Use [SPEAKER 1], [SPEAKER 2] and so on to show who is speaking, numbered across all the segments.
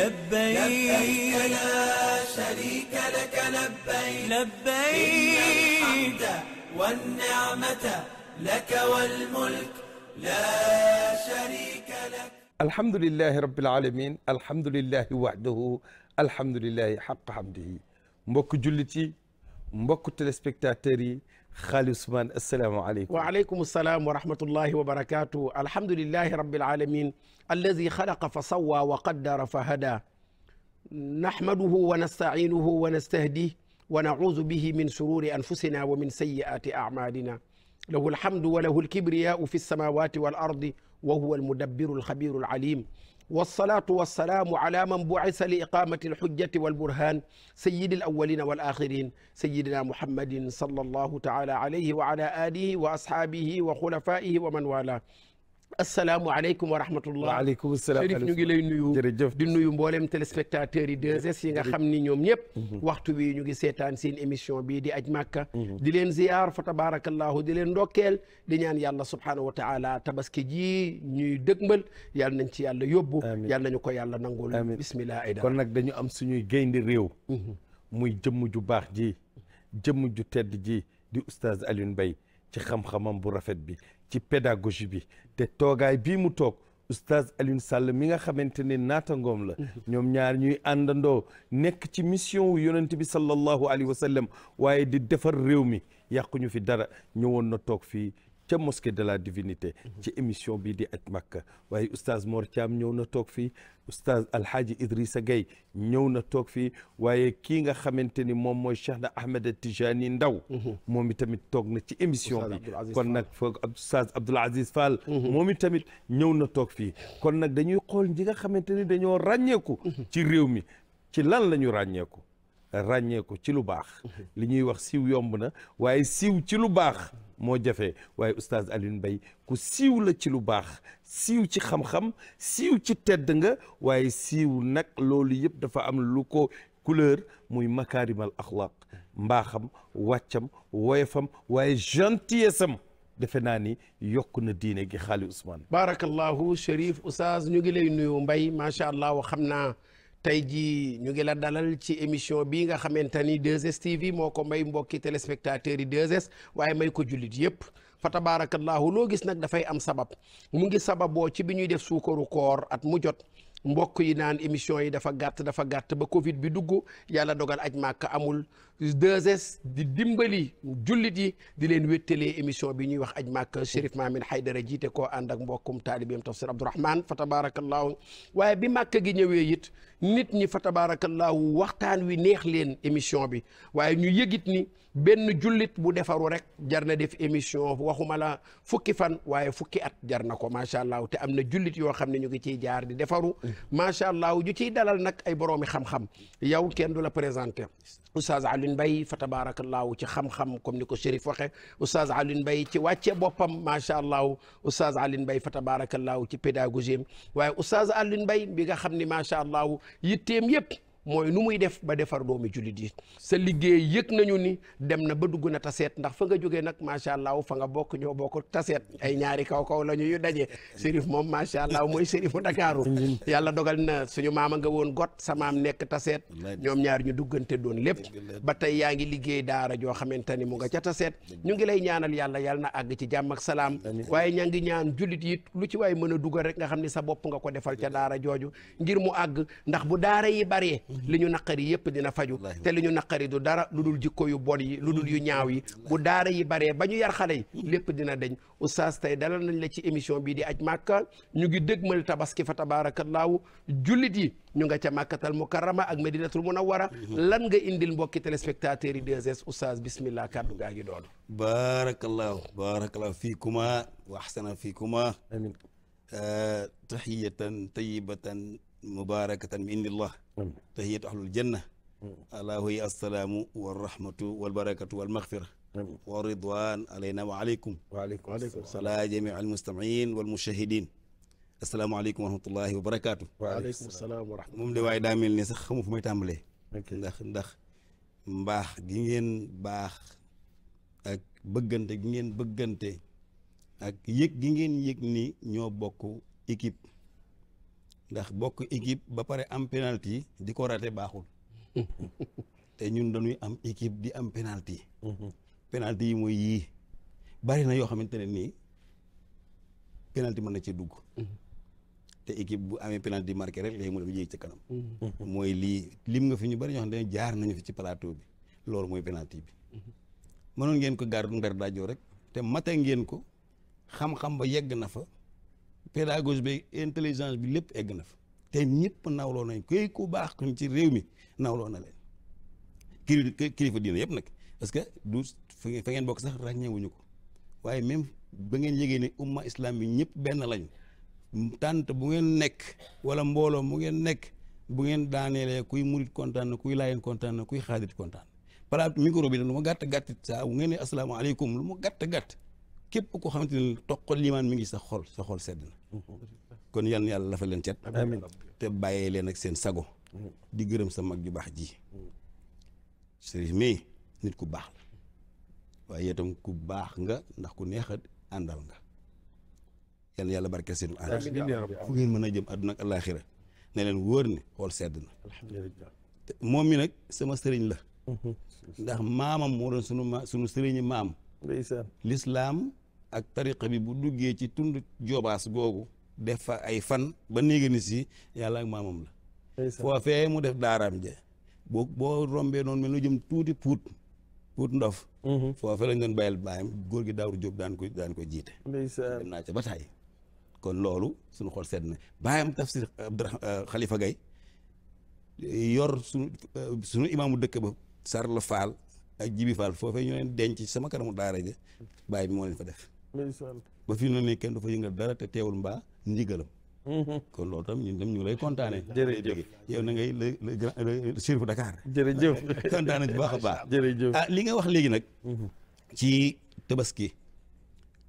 [SPEAKER 1] لبيك لا شريك لك لبيك لبيك الحمد والنعمة لك والملك لا شريك
[SPEAKER 2] لك الحمد لله رب العالمين الحمد لله وحده الحمد لله حق حمده mbokk jullit yi mbokk téléspectateurs yi xaali Ousmane asalaamaaleykum
[SPEAKER 3] waaleykum salaam wa rahmatullahi wa barakaatu alhamdulilahi rabbil alamin alladi xalaqa fa sawwa wa qaddara fa hada nahmaduhu wa nastainuhu wa nastahdih wa naudu bihi min sururi anfusina wa min sayi'aati acmalina lahu alhamdu wa lahu alkibriyaau fi alsamawati wal ardi wa huwa almudabbiru alxabiru alalim wasalaatu wasalaamu ala man buisa li iqamati alxujjati walburhan sayidi alawalina wal axirin sayidina muhammadin sallallahu taala alayhi wa ala alihi wa ashabihi wa xulafaihi wa man wala asalaamualeykum wa rahmatullah waaleykum salaam Chérif ñu ngi lay nuyu jërëjëf di nuyu mboolem téléspectateurs yi 2 yi nga xam ni ñoom ñëpp mhm. waxtu wi ñu ngi seetaan seen émission bii di aj màkka mhm. di leen ziyaar fa tabarakallahu di leen ndokkeel di ñaan yàlla subhaanahu wa taala tabaski ji ñuy dëgmal yàlla nañ ci yàlla yóbbu yàlla nañu ko yàlla nangul bismillah ayda kon
[SPEAKER 2] nag dañu am suñuy gaynde réew mhm. muy jëmm ju baax ji jëmm ju tedd ji di oustaz Alioune Mbaye ci xam-xamam bu rafet bi ci pédagogie bi te toogaay bii mu toog oustaz Alioune Sall mi nga xamante ne ngoom la mm-hmm. ñoom ñaar ñuy àndandoo nekk ci mission wu yonent bi sallallahu alayhi wa sallam waaye di defar réew mi yàquñu fi dara ñëwoon na toog fii ca mosquée de la divinité mhm. ci émission bi di aj Makka waaye oustaz Mor Thiam ñëw na toog fii oustaz Alhaji Idrissa Gueye ñëw na toog fii waaye kii nga xamante ni moom mooy Cheikh na Ahmed Tijani Ndaw mhm. moom i tamit toog na ci émission bi kon nag foog oustaz Abdoul Aziz mhm. moom i tamit ñëw na toog fii kon nag dañuy xool ñi nga xamante ni dañoo ràññeeku ci réew mi ci lan la ñu ràññeeku ràññee ko ci lu baax mhm. li ñuy wax siiw yomb na waaye siiw ci lu baax moo jafe waaye oustaz Alioune mbay ku siiw la ci lu baax siiw ci xam-xam siiw ci tedd nga waaye siiw nag loolu yëpp dafa am lu ko couleur muy makaarimal axlaq mbaaxam wàccam woyefam waaye gentillesse am defe naa ni yokk na diine gi xaali Ousmane
[SPEAKER 3] barakallahu Chérif oustaz ñu ngi lay nuyu Mbaye macha allah xam naa tey jii ñu ngi la dalal ci émission bi nga xamante ni 2STV moo ko may mbokki téléspectateurs yi 2 waaye may ko jullit yëpp fa tabaarakallaahu loo gis nag dafay am sabab mu ngi sababoo ci bi ñuy def suukaru koor at mu jot mbokk yi naan émission yi dafa gàtt dafa gàtt ba Covid bi dugg yàlla dogal aj màkk amul 2S di dimbali jullit yi di leen wéttalee émission bi ñuy wax aj màkk Chérif Mamin Haydara jiite ko ànd ak mbokkum taalibeem tafsir Abdourahman fa tabarakallahu waaye bi màkk gi ñëwee it nit ñi fa tabarakallahu waxtaan wi neex leen émission bi waaye ñu yëgit ni benn jullit bu defaru rek jar na def émission waxuma la fukki fan waaye fukki at jar na ko macha allah te am na jullit yoo xam ne ñu ngi ciy jaar di defaru macha allah ju ciy dalal nag ay boroomi xam kenn du la présenté Alioune Mbaye fa tabaarakallaahu ci xam-xam comme ni ko Chérif waxe oustaz Alioune bay ci wàcce boppam macha allah oustaz Alioune Mbaye fa tabaarakallaahu ci pédagogie am waaye oustaz Alioune Mbaye bi nga xam ni macha allah yitteem yëpp mooy nu muy def ba defar doomi julit yi sa liggéey yëg nañu ni dem na ba dugg na taseet ndax fa nga jógee nag macha allah fa nga bokk ñoo bokk taseet ay ñaari kaw kaw la ñuy daje sérif moom macha allah mooy sérifu Ndakaaru yàlla dogal na suñu maama nga woon got sa maam nekk taseet ñoom ñaar ñu duggante doon lépp ba tey yaa ngi liggéey daara joo xamante ni mu nga ca taseet ñu ngi lay ñaanal yàlla yàlla na àgg ci jàmm ak salaam waaye ña ngi ñaan jullit yi lu ci waay mën a dugal rek nga xam ne sa bopp nga ko defal ca daara jooju ngir mu àgg ndax bu daara yi bari Mhm. li ñu naqari yépp dina faju te li ñu naqari du dara lu dul jikko yu bon yi lu dul yu ñaaw yi bu daara yi bare ba ñu yar xale yi mhm. lépp dina deñ oustaz tey dalal nañ la ci émission bii di aj màkka ñu ngi dëgmal tabaski fa tabaarakallaahu jullit yi ñu nga ca màkkatal mukarrama ak medinatul munawwara mhm. lan nga indil mbokki téléspectateurs yi 2S oustaz bismillah kàddu gaa ngi doon
[SPEAKER 1] barakallahu barakallahu fiikuma wa ahsana fiikuma amin euh, tahiyatan mubaarakatan min indillah tahiyatu ahlul janna alaa hiya assalaamu warahmatu walbarakatu walmaghfira wa ridwan alayna wa aleykum ala jamii almustamiin walmushahidin assalaamu aleykum wa rahmatullahi wa barakaatu waaleykum salaam wa rahmatulah moom de waaye daa mel ni sax xamu fu may tàmbalee ndax ndax mbaax gi ngeen baax ak bëggante gi ngeen bëggante ak yëg gi ngeen yëg ni ñoo bokk équipe ndax bokk équipe ba pare am penalty di ko rate baaxul te ñun dañuy am équipe di am penalty mhm. penalty yi mooy yii bari na yoo xamante ne nii penalty mën na ci dugg mhm. te équipe bu amee penalty marqué rek léegi mu dem yéeg ci kanam mhm. mooy lii lim nga fi ñu bari ñoo xam ne jaar nañu fi ci plateau bi loolu mooy penalty bi mënoon ngeen ko gaar ngar daajoo rek te mate ngeen ko xam-xam ba yegg na fa pédagogie bi intelligence bi lépp egg na fa te ñëpp nawloo nañ koy ku baax ci réew mi nawloo na leen kilifa kilifa diina yëpp nag parce que du fa ngeen bokk sax ràññeewuñu ko waaye même ba ngeen yëgee ne umma islam bi ñëpp benn lañ tànt bu ngeen nekk wala mbooloo mu ngeen nekk bu ngeen daaneelee kuy murit kontaan na kuy laayeen kontaan na kuy xaadir kontaan palaat micro bi nag lu ma gàtt gàtt sax bu ngeen ne asalaamaaleykum lu ma gàtt gàtt képp ko xamante ne toqal limaan mu ngi sa xol sa xol sedd na kon yan yàlla lafa leen cet amiin te bàyyee leen ak seen sago di gërëm sa mag ju baax ji sëriñ mii nit ku baax la waaye itam ku baax nga ndax ku neex a àndal nga yal yàlla barke seen ànd fu ngeen mën a jëm àdduna ak alaaxira ne leen wóor ne xool sedd na moom mi nag sama sëriñ la mhm. ndax maamam moo doon sunu sëriñi maam lislaam ak tariqa bi bu duggee ci tund joobaas googu def fa ay fan ba néega ni si yàlla ak maamam la foofee mu def daaraam je boo boo rombee noonu mel nu jëm tuuti puut puut ndof mm-hmm. foofee lañ doon bàyyil baayam góor gi daawru jóob daan ko daan ko jiite dem naa ca ba taay kon loolu suñu xol sedd na baayam tafsir xalifa euh, gay yor suñu euh, suñu imaamu dëkk ba Sarla Faal ak Jibi Faal foofee ñu leen denc sama karamu daara ja baay bi moo leen fa def
[SPEAKER 2] ba
[SPEAKER 1] fi na ne kenn du fa yëngal dara te teewul mbaa ndigalam mm-hmm. kon loolu tam ñun tam ñu ngi lay kontaane jërëjëf yow na ngay le grand chérif bu baax a baax jërëjëf ah, li nga wax léegi nag mm-hmm. ci tabaski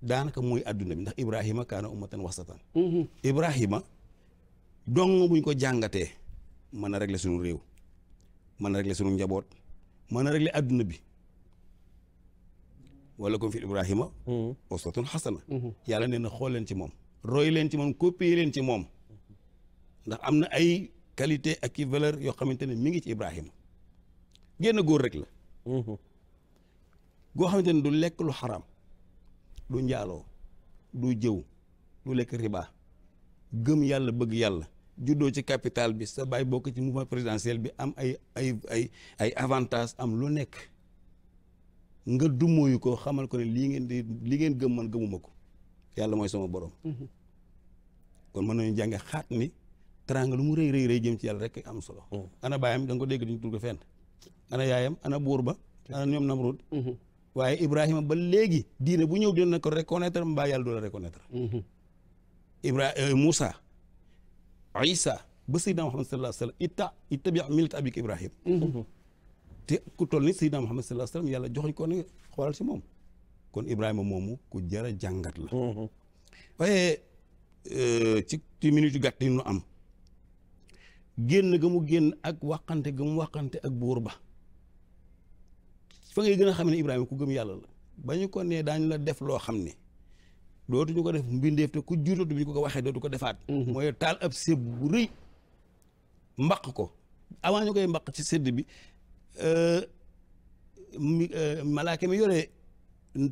[SPEAKER 1] daanaka mooy àdduna bi ndax ibrahima kaana ummatan wasatan mm-hmm. ibrahima dong buñ ko jàngatee mën na régler suñu réew mën a régler suñu njaboot mën a régler bi wala kum fi ibrahima hmm. uswatun xasana hmm. yàlla nee na xool leen ci moom roy leen ci moom copier leen ci moom ndax am na ay qualité ak valeur yoo xamante ne mu ngi ci ibrahima génn góor rek la hmm. goo xamante ne du lekk lu xaram du njaaloo du jëw du lekk riba gëm yàlla bëgg yàlla juddoo ci capital bi sa baay bokk ci mouvement présidentiel bi am ay ay ay ay avantages am lu nekk nga dumóoyu ko xamal ko ne lii ngeen di li ngeen gëm man gëmuma ko yàlla mooy sama borom. Mhm. kon mën nañu jànge xaat ni teraanga lu mu rëy rëy jëm ci yàlla rek am solo. Mhm. ana baayam da nga ko dégg duñ tudd fenn. ana yaayam ana buur ba ana ñoom Namrud. Mhm. waaye Ibrahima ba léegi diina bu ñëw dina ko reconnaître mbaa yàlla du la reconnaître. Euh, ba Sayyidina Muhammad sallallahu alayhi wa sallam itta ittabi' millata abika Ibrahim te ku toll ni Seydina Muhammad sallallahu alayhi yàlla joxuñ ko ne xoolal si moom kon Ibrahima moomu ku jara jàngat la. Mm-hmm. waaye euh, ci ci minute gàtt yi nu am génn ga mu génn ak waxante ga mu waxante ak buur ba fa ngay gën a xam ne Ibrahima ku gëm yàlla la ba ñu ko nee daañu la def loo xam ne dootuñu ko def mbindeef te ku juutatu bi ñu ko waxee dootu ko defaat. Mm-hmm. mooy taal ab séb bu rëy mbaq ko avant ñu koy mbaq ci sedd bi Euh, euh, malaaka mi yore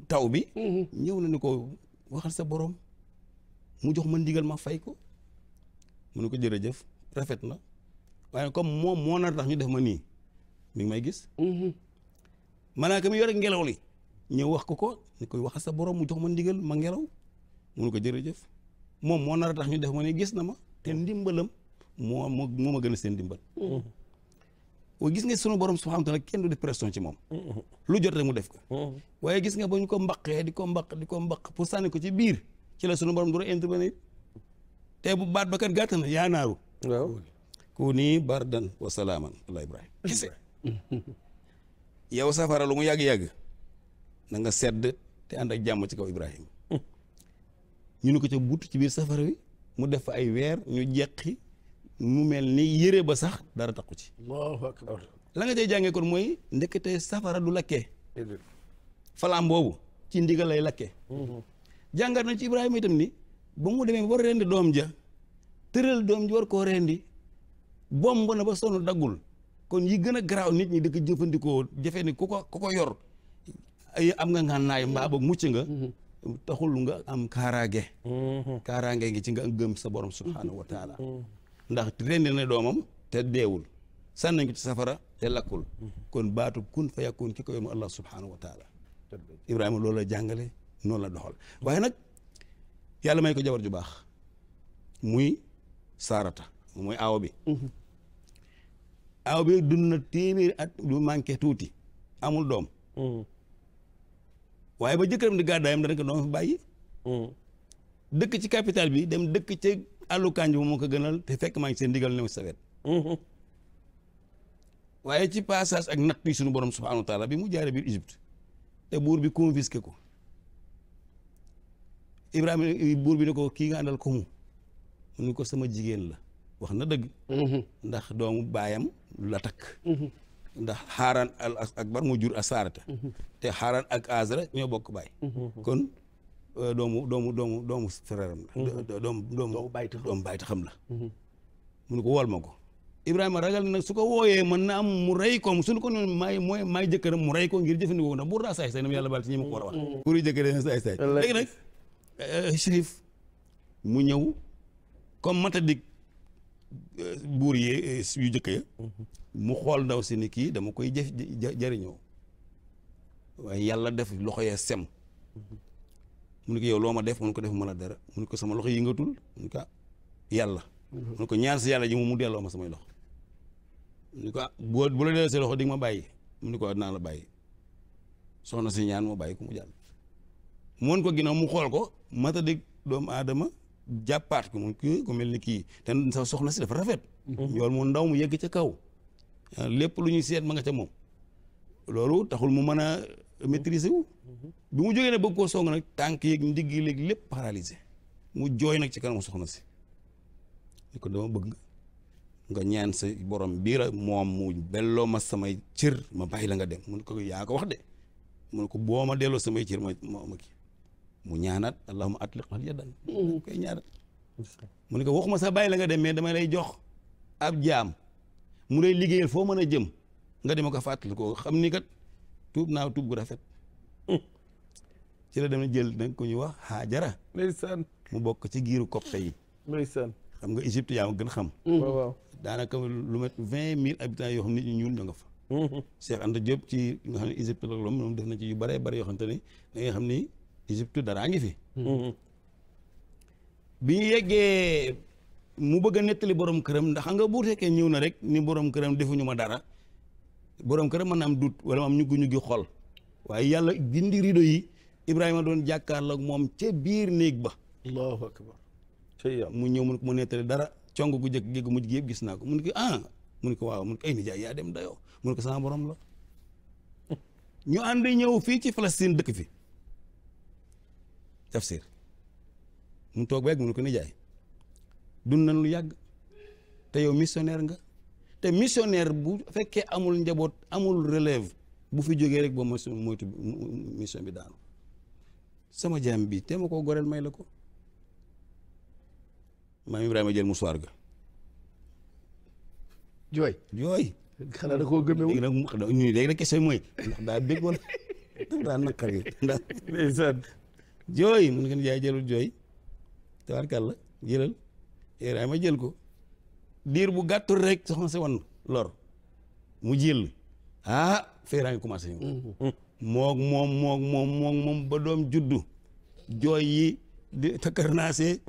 [SPEAKER 1] taw bi. Mm-hmm. ñëw na ni ko waxal sa borom mu jox ma ndigal ma fay ko mu ne ko jër jëf rafet na waaye comme moom moo nar tax ñu def ma nii mu ngi may gis. Mm-hmm. malaaka mi yore ngelaw li ñëw wax ko ko ni koy waxal sa borom mu jox ma ndigal ma ngelaw mu ne ko jërëjëf moom moo nar tax ñu def ma nii gis na ma te ndimbalam moo moo ma gën a seen ndimbal. Mm-hmm. gis nga sunu borom subhanahu wa kenn du def pression ci moom lu jot rek mu def ko waaye gis nga ba ñu ko mbaqee di ko mbaq di ko mbaq pour sànni ko ci biir ci la sunu borom dura intervenir te bu baat ba kat gàtt yaa naaru waaw ku nii bardan wa salaaman ibrahim kese yow safara lu mu yàgg-yàgg na nga sedd te ànd ak jàmm ci kaw ibrahim mm. ñu ko ca but ci biir safara wi mu def ay weer ñu jeqi mu mel ni yére ba sax dara takku ci
[SPEAKER 3] allahu akbar
[SPEAKER 1] la nga kon mooy ndekete safara du lakkee falaam boobu ci ndigal lay lakkee mhm. jàngat na ci ibrahima itam ni ba mu demee war rendi doom ja tëral doom ji war koo rendi bomb na ba sonn daggul kon yi gën a garaaw nit ñi di jëfandikoo jafe ni ku ko ku ko yor ay am nga ngànnaay mbaa ba mucc nga mhm. taxul nga am kaaraange mhm. kaaraange ngi ci nga gëm sa borom subhaanahu wa ndax rendi na doomam te deewul sànni ko ci safara te lakkul kon baatub kun fa yakun ki ko yomu allah subhanahu wa taala loolu la jàngale noonu la doxal waaye nag yàlla may ko jabar ju baax muy saarata mooy aaw bi aaw bi dund na téeméeri at lu manqué tuuti amul doom waaye ba jëkkëram di gàddaayam dana ko doom fi bàyyi mm. dëkk ci capital bi dem dëkk ci àllu kànj bu moo ko gënal te fekk maa ngi seen ndigal new sa wet mhm. waaye ci passage ak natt yi suñu borom subhanahu wa bi mu jaare biir Égypte te buur bi confisqué ko Ibrahima buur bi ne ko kii nga àndal ko mu mu ni ko sama jigéen la wax na dëgg mhm. ndax doomu baayam la takk mhm. ndax xaaraan al akbar moo jur asaarata te xaaraan ak azra ñoo bokk baay kon Euh, doomu doomu doomu doomu frère am la. Mhm. doomu doomu bàyyi xam la. Mhm. mu ne ko wol ma ko. Ibrahima ragal nag su ko wooyee man na am mu rey ko su ñu ko noon maay mooy maay jëkkëram mu rey ko ngir jëfandikoo ndax buur daa saay saay a wax. Mhm. buur yi jëkkëram saay saay. léegi nag euh, Chérif mu ñëw comme matadik euh, buur yi yu jëkk ya mu xool ndaw si ni kii dama koy jëf jëriñoo waaye yàlla def loxo ya sem. mu ne ko yow loo ma def mu ne ko def ma la dara mu ne ko sama loxo yëngatul mu ne ko ah, yàlla. Mhm. mu ne ko ñaan si yàlla ji mu delloo ma samay loxo. mu ne ko ah boo bu la delloo say loxo di ma bàyyi mu ne ko ah, dinaa la bàyyi soxna si ñaan ma bàyyi ko mu jàll. mu ko ginnaaw mu xool ko mata dig doomu aadama jàppaat ko mu kii ku mel ni kii te sa soxna si dafa rafet. Mhm. yool mu ndaw mu yegg ca kaw. lépp lu ñu seet ma nga ca moom. loolu taxul mu mën a maîtriser wu. Mhm. bi mu jógee ne bëgg koo song nag tànk yeeg ndigg léegi lépp paralysé mu jooy nag ci kanamu soxna si ni ko dama bëgg nga ñaan sa borom biira moom mu belloo ma samay cër ma bàyyi la nga dem mu ne wax de mu ne ko boo ma delloo samay cër ma ma mu ñaanaat allahumma atliq mhm. mu ne ko waxuma sa bàyyi la nga dem mais dama lay jox ab jaam mu lay liggéeyal foo mën a jëm nga dem ko fàttali ko xam ni kat tuub naaw tuub gu rafet hmm. ci la dem jël nag ku ñuy wax Haajara ndeysaan mu bokk ci giiru copte yi ndeysaan xam nga Égypte yaa ma gën xam hmm. waaw waaw daanaka lu mat vingt mille habitants yoo xam ne ñuul ñoo nga fa hmm. Cheikh jëp Diop ci nga xam ne Égypte la loolu moom def na ci yu bëree bëri yoo xamante ne da xam ni Égypte daraa ngi fi bi ñu yeggee mu bëgg a nettali borom këram ndax xam nga bu fekkee ñëw na rek ni borom këram defuñu ma dara borom këram mën na am dut wala am ñu gu ñu gi xol waaye yàlla dindi rido yi Ibrahima doon jàkkaarloog moom ca biir néeg ba. allahu akbar. mu ñëw mu dara cong gu njëkk gi gu mujj gis naa ko mu ne ko ah! ko waaw mu ne yaa dem dayoo mu ne ko sama borom la. ñu ànd ñëw fii ci Palestine dëkk fi. tafsir mu toog beeg mu ne ko nijaay dund nañ lu yàgg te yow missionnaire nga. te missionnaire bu fekkee amul njaboot amul relève bu fi jógee rek ba mo moytu mission bi daanu sama jaam bi te ma koo goreel may la ko maam a jël musuwaar ga jooy jooy xanaa da koo gëmewul léegi nag ñu léegi nag question bi mooy ndax daa bég wala daf daa naqar yi ndax jooy mun ngeen jaay jëlul jooy tabarkàlla jëlal Ibrahima jël ko diir bu gàttu rek soxna si woon lor mu jël ah feeraa ngi commencé moog moom moog moom ba doom juddu jooy yi di takkar naase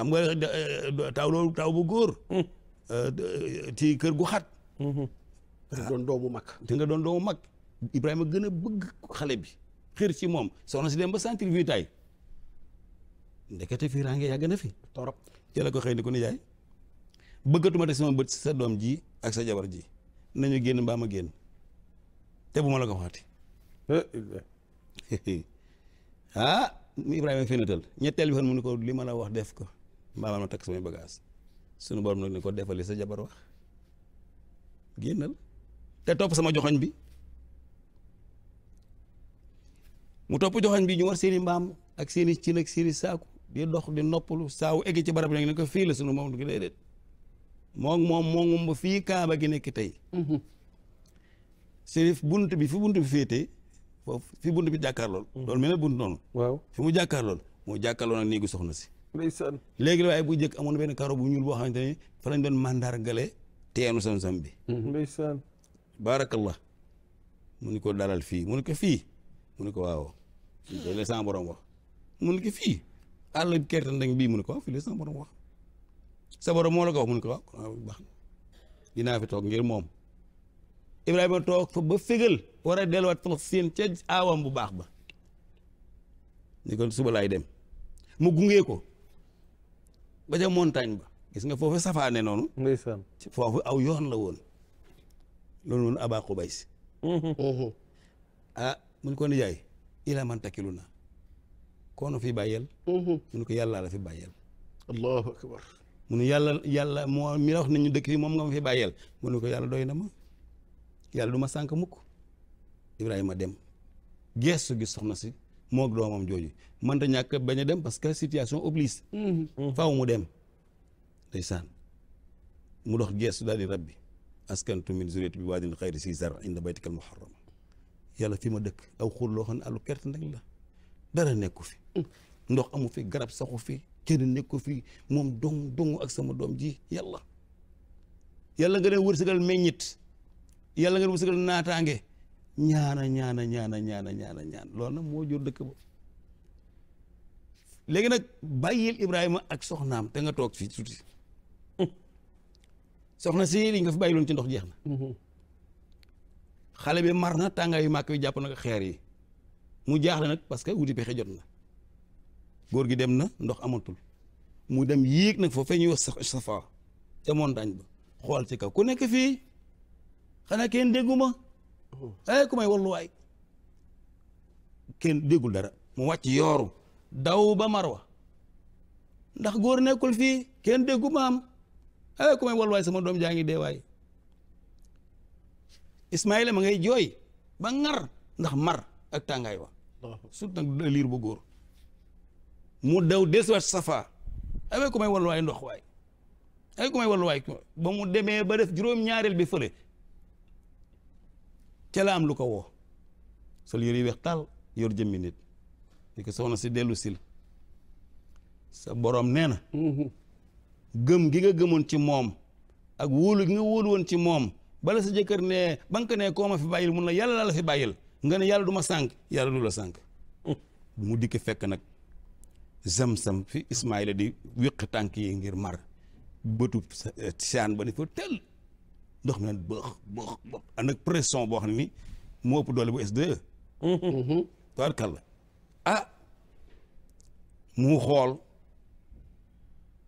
[SPEAKER 1] am nga eh, loolu taw bu góor eh, ci kër gu xat nga doon doomu mag te nga doon doomu mag Ibrahima gën a bëgg xale bi xër ci moom soxna si dem ba sentir vitaay ndekete feeraa ngi yàgg na fi torop jëla ko xëy ni ko nijaay bëggatuma teg sama bët sa doom ji ak sa jabar ji nañu génn mbaam a génn te bu ma la ko waxati ah Ibrahima fenatal ñetteel bi fan mu ne ko li ma la wax def ko mbaa ma takk samay bagage sunu borom nag ne ko defalee sa jabar wax génnal te topp sama joxoñ bi mu topp joxoñ bi ñu war seeni mbaam ak seeni cin ak seeni saaku di dox di noppalu saawu egg ci barab nag ne ko fii la sunu moom du déedéet moom moom moo ngumb fii kaaba gi nekk tey mhm. sërif bunt bi fi bunt bi féetee foofu fi bunt bi jàkkaarlool mhm. loolu mel ne bunt noonu waaw fi mu jàkkaarlool moo jàkkaarlool nag néegu soxna si ndeysaan léegi la waaye bu njëkk amoon benn karo bu ñuul boo xamante ne fa lañ doon mandargale teenu sam-sam bi mhm. ndeysaan baarakallah mu ni ko dalal fii mu ni ko fii mu ni ko waaw fii la sama borom wax mu ni ko fii àll kertandaŋ bii mu ni ko waaw fii la sama borom wax sa borom moo la ko wax mun ko ah, waaw baax dinaa fi toog ngir moom Ibrahima toog fa ba fégal war a delluwaat Palestine ca aawam bu baax ba ni kon suba laay dem mu gungee ko ba ca montagne ba gis nga foofu safaane noonu. ndeysaan foofu aw yoon la woon loolu noonu mm-hmm. ah, ko nijaay ilaa man takkilu na koonu fi bàyyeel. Mm-hmm. mun ko yàllaa la fi bàyyeel. mu yàlla yàlla moo mi la wax nañu dëkk yi moom nga ma fi bàyyeel mu ne ko yàlla doy na ma yàlla du ma sànk mukk Ibrahima dem geestu gi soxna si moog doomam jooju mënta ñàkk bañ a dem parce que situation oblige. Mm-hmm. faaw mu dem. ndeysaan mu dox geestu daal di rabbi askantu min zuriyati bi waadin xayri si zar inda baytikal muharram yàlla fi ma dëkk aw xur loo xam ne àllu kerte nag la dara nekku fi. Mm. ndox amu fi garab soxu fi. kenn nekk ko fi moom dong dong ak sama doom ji yàlla yàlla nga leen wërsëgal meññit yàlla nga leen wërsëgal naataange ñaana ñaana ñaana ñaana ñaana ñaan lool nag moo jur dëkk ba léegi nag bàyyil Ibrahima ak soxnaam te nga toog fii suti soxna si li nga fi bàyyiloon ci ndox jeex na mhm. xale bi mar na tàngaay yu màkk yu jàpp nag ko xeer yi mu jaaxle nag parce que wuti pexe jot na góor gi dem na ndox amatul mu dem yéeg nag foofee ñuy wax safa ca montagne ba xool ci kaw ku nekk fii xanaa kenn dégguma ay hmm. eh, ku may walluwaay kenn déggul dara mu wàcc yooru daw ba marwa ndax góor nekkul fii kenn dégguma am ay eh, ku may walluwaay sama doom jaa ngi deewaay Ismaïla ma ngay jooy ba ngar ndax mar ak tàngaay wa sut nag liir bu góor mu daw wa safa ay ko may wallu waay ndox waay ay ku may wallu ba mu demee ba def juróom-ñaareel bi fële ca la am lu ko woo sol yëre yu weex tàll yor jëmmi nit di ko soxna si dellu sil sa boroom nee na mhm. gëm gi nga gëmoon ci moom ak wóolu gi nga wóolu woon ci moom bala sa jëkkër ne ba nga ne koo ma fi bàyyil mun na yàlla laa la fi bàyyil nga ne yàlla duma sànk yàlla du la sànk mm. mu dikk fekk nag zam sam fi Ismaayla di wéq tànk yi ngir mar bëtu saan eh, ba ne fa tël ndox mi naan bëx bëx bëx ànd ak pression boo xam ne ni moo ëpp doole bu S2. E. Mm-hmm. tubaarkàlla ah mu xool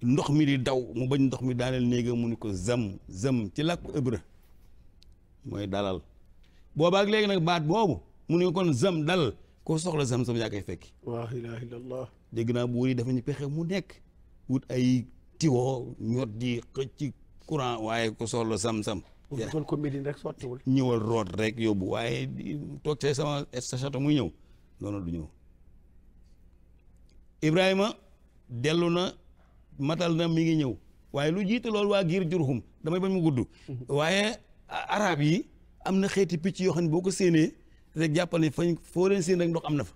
[SPEAKER 1] ndox mi di daw mu bañ ndox mi daaneel néega mu ni ko zam zam ci làkku hébreu mooy dalal boobaak léegi nag baat boobu mu ne kon zam dal koo soxla zam-zam yaa koy fekki. dégg naa buur yi def nañu pexe mu nekk wut ay tiwo ñot di xëcc courant waaye ko solo sam-sam
[SPEAKER 3] kon ko Médine rek sottiwul
[SPEAKER 1] ñëwal root rek yóbbu waaye toog see sama sachata muy ñëw noonu du ñëw Ibrahima dellu na matal na mi ngi ñëw waaye lu jiite lool waa giir Jurhum damay bañ mu gudd waaye arab yi am na xeeti picc yoo xam ne boo ko séenee rek jàppal ne fañ foo leen séen rek ndox am na fa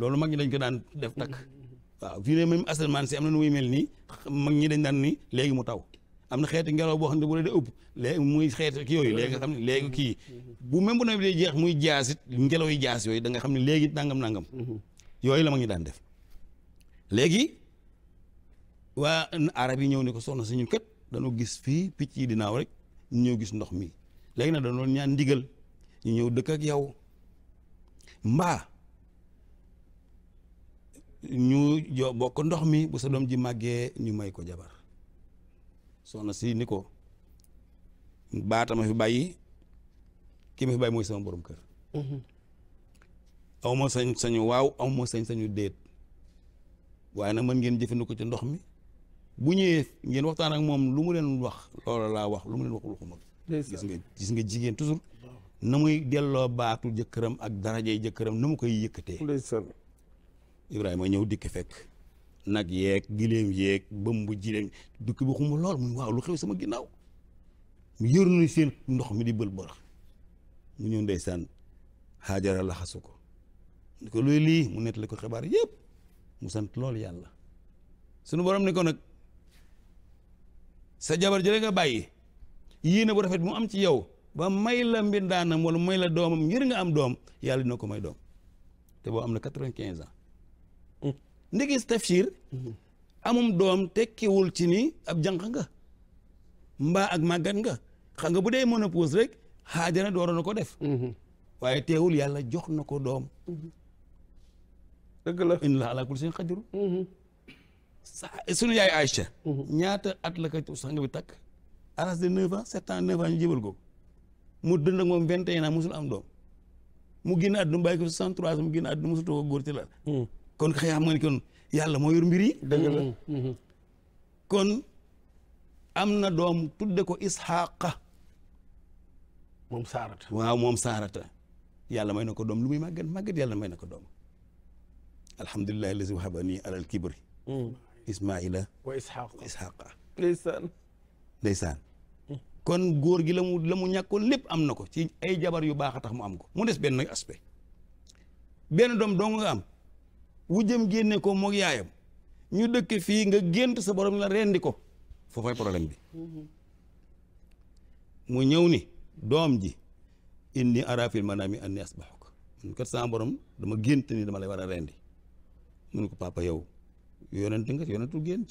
[SPEAKER 1] loolu mag ñi dañ ko daan def takk mm-hmm. waaw fii ne même asamaan si am na nu muy mel nii mag ñi dañ daan ni léegi mu taw am na xeetu ngelaw boo xam ne bu la dee ëpp léegi muy xeet ki yooyu léegi nga xam ne léegi kii mm-hmm. bu même bu jeex muy jaasit ngelaw yi jaas yooyu da nga xam ne léegi nangam nangam mm-hmm. yooyu la mag ñi daan def léegi waa arab yi ñëw ne ko soxna si ñun kat dañoo gis fii picc yi dinaaw rek ñu ñëw gis ndox mi léegi nag dañoo ñaan ndigal ñu ñëw dëkk ak yow mbaa ñu jo bokk ndox mi bu sa doom ji màggee ñu may ko jabar soxna si ni ko baatama fi bàyyi ki ma fi bàyyi mooy sama borom kër mhm. aw ma sañ sañu waaw aw ma sañ sañu déet waaye nag man ngeen jëfandikoo ci ndox mi bu ñëwee ngeen waxtaan ak moom lu mu leen wax loola laa wax lu mu leen wax waxuma gis nga gis nga jigéen toujours na muy delloo baatu jëkkëram ak darajey jëkkëram na mu koy yëkkatee Ibrahima ñëw dikk fekk nag yeeg gileem yeeg bëmb jileem dukki bu xumb lool mu waaw lu xew sama ginnaaw mu yër na seen ndox mi di bël borax mu ñëw ndeysaan xaajara laxasu ko ni ko luy lii mu nettali ko xibaar yëpp mu sant loolu yàlla sunu borom ni ko nag sa jabar jële nga bàyyi yéene bu rafet bu mu am ci yow ba may la mbindaanam wala may la doomam yër nga am doom yàlla dina ko may doom te boo am na quatre-vingt-quinze ans ndigis tafsir amum doom tekkiwul ci nii ab jànq nga mbaa ak màggat nga xam nga bu dee ménopause rek xaajana dooro na ko def mhm. waaye teewul yàlla jox na ko doom mhm. dëgg la inna ala kulli shay'in mhm. suñu yaay Aïcha ñaata at la ko sang bi takk à l'âge de neuf ans sept ans neuf ko mu dund ak moom vingt musul am doom mu génn àdduna bàyyi ko soixante-trois mu génn àdduna musul toog góor ci la kon xëy xam nga ni kon yàlla moo yor mbir yi. Mm-hmm. Mm-hmm. kon am na doom tudde ko Isxaaqa. moom Saarata. waaw moom Saarata. yàlla may na ko doom lu muy màggat màggat yàlla may na ko doom. alhamdulilah allazi wahabani alal kibri. Mm. Ismaila. wa mm. kon góor gi la mu la mu ñàkkoon lépp am na ko ci ay jabar yu baax a tax mu am ko mu des benn aspect benn doom dong nga am. wu jëm génne ko moog yaayam ñu dëkk fii nga gént sa borom la rendi ko foofay problème bi mu ñëw ni doom ji inni arafil manami anni asbaxuk mun kat sama borom dama gént ni dama lay war a rendi mun ko papa yow yonent nga yonentu gént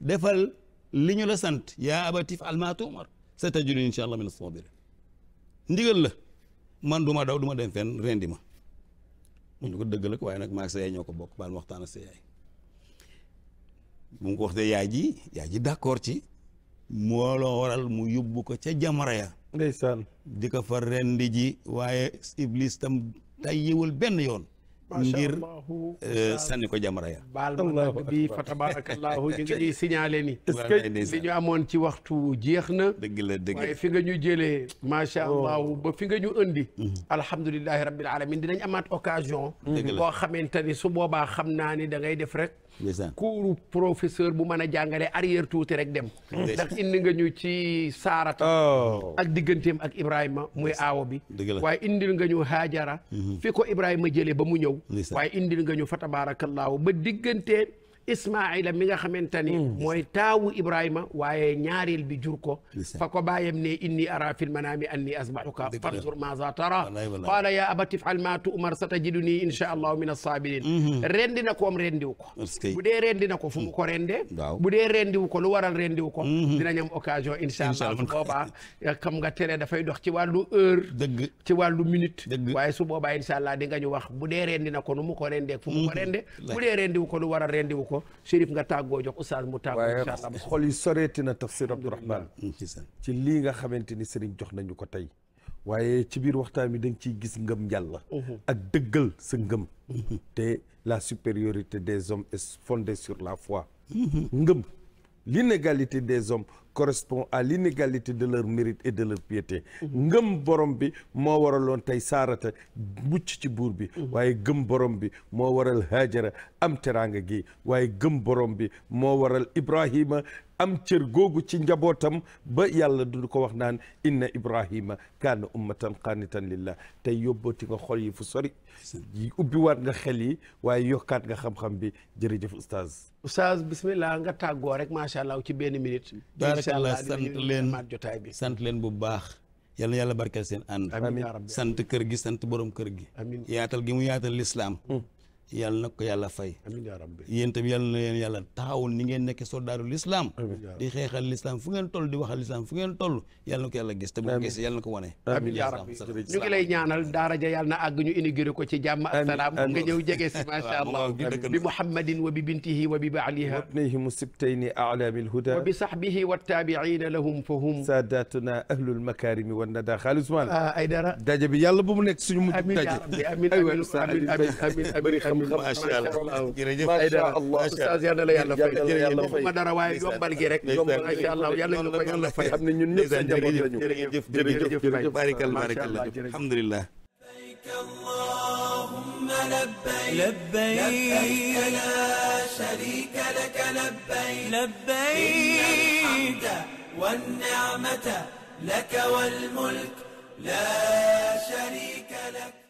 [SPEAKER 1] defal li ñu la sant yaa abati fa'al maa tu'mar satajiduni insha allah min as-sabirin ndigal la man du daw duma dem fen rendi ma mun na ko dëggal ak waaye nag maag sa yaay ñoo ko bokk baal ma waxtaan ak sa yaay bu mu ko waxtee yaay ji yaay ji d'accord ci moo loo waral mu yóbbu ko ca jamara ya di ko fa rendi ji waaye iblis tam tay yëwul benn yoon ngir eh, sànni ko jamara ya baal ma nag bi fa tabarakallahu ñu ngi
[SPEAKER 3] ñuy ni est-ce que ñu amoon ci waxtu jeex na dëgg la fi nga ñu jëlee macha allahu oh. ba fi nga ñu indi mhm. alhamdulilahi rabbil alamin dinañ amaat occasion boo xamante ni su boobaa xam naa ni da ngay def rek kuuru professeur bu mën a jàngale arrière tuuti rek dem ndax indi nga ñu ci saarata
[SPEAKER 1] oh.
[SPEAKER 3] ak digganteem ak ibrahima muy aawo bi waaye indil nga ñu haajara mhm. fi ko ibrahima jëlee ba mu ñëw waaye indil nga ñu fa tabaarakallaahu ba diggante Ismaayla mi nga xamante ni mm. mooy taawu Ibrahima waaye ñaareel bi jur ko fa ko bàyyam ne inni ara fi lmanaami anni asbahuka fanzur maaza tara qaala ya abati fal ma tu'mar satajiduni insha allahu min as-saabiriin mm-hmm. rendi na ko am rendiw ko bu dee rendi na ko fu mu ko mm. bu dee rendiw ko lu waral rendiw ko mm-hmm. dinañ am occasion insha allah su boobaa eh, dafay dox ci wàllu dëgg ci wàllu minute waaye su boobaa insha allah di nga ñu wax bu dee rendi na ko ko rendee fu mu ko mm-hmm. rendiw ko lu waral rendiw ko ko Chérif nga tàggoo jox oustaz mu tàggoo incha allah waaye xol
[SPEAKER 2] yi soreeti na tafsir Abdourahman ci lii nga xamante ni sëriñ jox nañu ko tey waaye ci biir waxtaan bi da nga gis ngëm yàlla mhm. ak dëggal sa ngëm mhm. te la supériorité des hommes est fondée sur la foi mhm. ngëm l'inégalité des hommes correspond à l'inégalité de leur mérite et de leur piété ngëm borom bi moo waraloon tey saarata mucc ci buur bi waaye gëm borom bi moo waral haajara am teraanga gi waaye gëm borom bi moo waral ibrahima am cër googu ci njabootam ba yàlla du ko wax naan inna ibrahima kaana ummatan qanitan lillah tey yóbbooti nga xol yi fu sori ubbiwaat nga xel yi waaye yokkaat nga xam-xam bi jërëjëf oustaz oustaz bismillah nga
[SPEAKER 3] tàggoo rek macha allah ci benn minute baarakallah sant
[SPEAKER 2] leen maat jotaay sant leen bu baax
[SPEAKER 1] yal na yàlla barkeel seen ànd amiin sant kër gi sant borom kër gi yaatal gi mu yaatal lislaam hmm. yàlla na ko yàlla fay yéen tamit yàlla na leen yàlla taxawul ni ngeen nekk soldaaru l'islam di xeexal l'islam fu ngeen toll di waxal l'islam fu ngeen toll yàlla na ko yàlla gis te bu ko gis yàlla na ko wane amiin yaa rabbi ñu ngi
[SPEAKER 3] lay ñaanal daara ja yàlla na àgg ñu inauguré ko ci jàmm ak salaam nga ñëw jege
[SPEAKER 2] si macha allah bi muhammadin wa bi bintihi wa bi baaliha wa bi sahbihi wa taabiina lahum fa hum sadatuna wa nada xaalis macha allah jërëjëf macha allah
[SPEAKER 3] ustaz yal na la yàlla fay jërëjëf ma dara waaye
[SPEAKER 1] yombal gi rek yombal macha allah yàlla ñu ko yàlla fay xam ne ñun ñëpp sa njaboot lañu jërëjëf jërëjëf jërëjëf barikal barikal alhamdulillah allahumma labbayk labbayk
[SPEAKER 2] la sharika lak labbayk labbayk alhamda wan ni'mata lak wal mulk la sharika lak